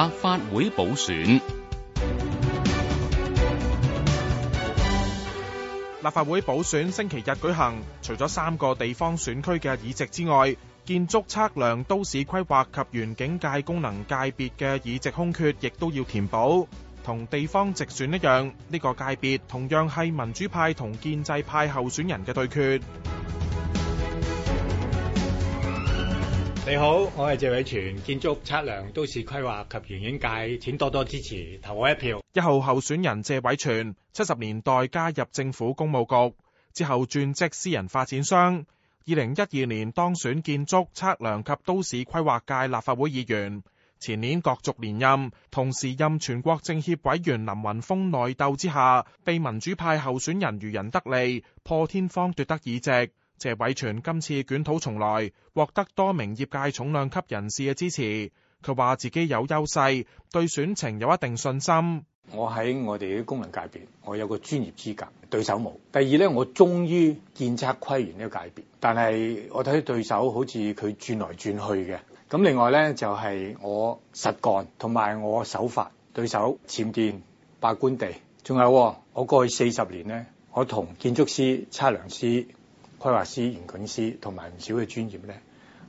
立法會補選，立法會補選星期日舉行。除咗三個地方選區嘅議席之外，建築測量、都市規劃及園境界功能界別嘅議席空缺，亦都要填補。同地方直選一樣，呢、這個界別同樣係民主派同建制派候選人嘅對決。你好，我係謝偉銓，建築測量、都市規劃及園境界，請多多支持，投我一票。一號候選人謝偉銓，七十年代加入政府工務局，之後轉職私人發展商。二零一二年當選建築測量及都市規劃界立法會議員，前年角逐連任，同時任全國政協委員林雲峰內鬥之下，被民主派候選人漁人得利破天荒奪得議席。謝偉銓今次捲土重來，獲得多名業界重量級人士嘅支持。佢話自己有優勢，對選情有一定信心。我喺我哋啲功能界別，我有個專業資格，對手冇。第二咧，我忠於建測規園呢個界別，但係我睇對手好似佢轉來轉去嘅。咁另外咧就係、是、我實幹同埋我守法，對手僭建霸官地，仲有我過去四十年呢，我同建築師、測量師。規劃師園境師同埋唔少嘅專業呢，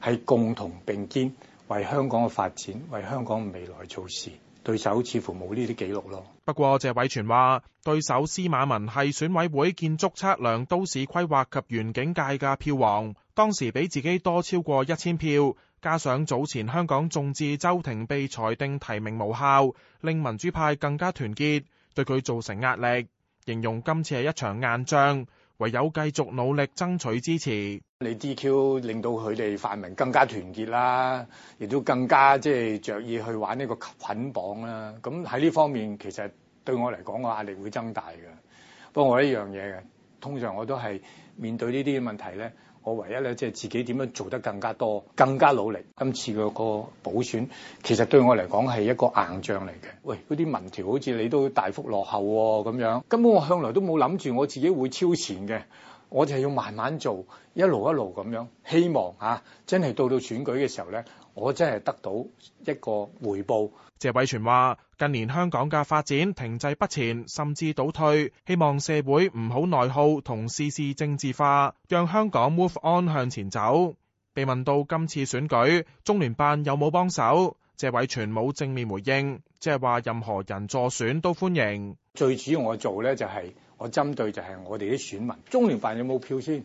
係共同並肩為香港嘅發展、為香港未來做事。對手似乎冇呢啲記錄咯。不過，謝偉銓話：對手司馬文係選委會建築測量、都市規劃及園境界嘅票王，當時比自己多超過一千票，加上早前香港眾志周庭被裁定提名無效，令民主派更加團結，對佢造成壓力，形容今次係一場硬仗。唯有繼續努力爭取支持，你 DQ 令到佢哋泛民更加團結啦，亦都更加即係着意去玩呢個捆綁啦。咁喺呢方面，其實對我嚟講個壓力會增大嘅。不過我一樣嘢嘅。通常我都係面對呢啲嘅問題咧，我唯一咧即係自己點樣做得更加多、更加努力。今次嘅個補選其實對我嚟講係一個硬仗嚟嘅。喂，嗰啲民調好似你都大幅落後喎、哦、咁樣。根本我向來都冇諗住我自己會超前嘅，我就係要慢慢做，一路一路咁樣，希望啊，真係到到選舉嘅時候咧。我真係得到一個回報。謝偉銓話：近年香港嘅發展停滯不前，甚至倒退，希望社會唔好內耗同事事政治化，讓香港 move on 向前走。被問到今次選舉中聯辦有冇幫手，謝偉銓冇正面回應，即係話任何人助選都歡迎。最主要我做呢就係我針對就係我哋啲選民，中聯辦有冇票先？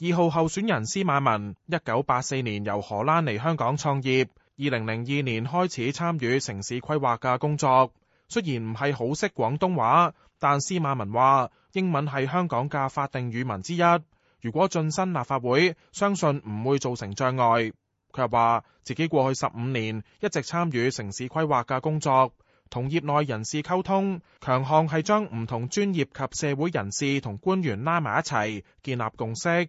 二號候選人司馬文，一九八四年由荷蘭嚟香港創業，二零零二年開始參與城市規劃嘅工作。雖然唔係好識廣東話，但司馬文話英文係香港嘅法定語文之一。如果晉身立法會，相信唔會造成障礙。佢又話自己過去十五年一直參與城市規劃嘅工作，同業內人士溝通，強項係將唔同專業及社會人士同官員拉埋一齊，建立共識。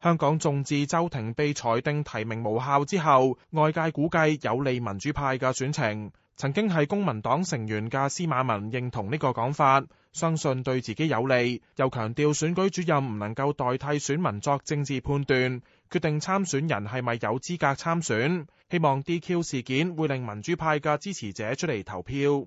香港眾志周庭被裁定提名無效之後，外界估計有利民主派嘅選情。曾經係公民黨成員嘅司馬文認同呢個講法，相信對自己有利，又強調選舉主任唔能夠代替選民作政治判斷，決定參選人係咪有資格參選。希望 DQ 事件會令民主派嘅支持者出嚟投票。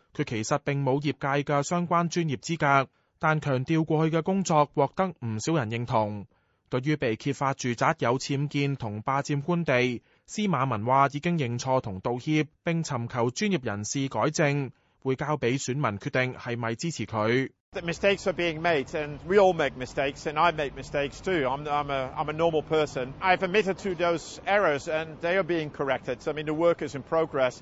佢其實並冇業界嘅相關專業資格，但強調過去嘅工作獲得唔少人認同。對於被揭發住宅有僭建同霸佔官地，司馬文話已經認錯同道歉，並尋求專業人士改正，會交俾選民決定係咪支持佢。The mistakes are being made, and we all make mistakes, and I make mistakes too. I'm a, I'm a normal person. I have admitted to those errors, and they are being corrected. So I mean, the work is in progress.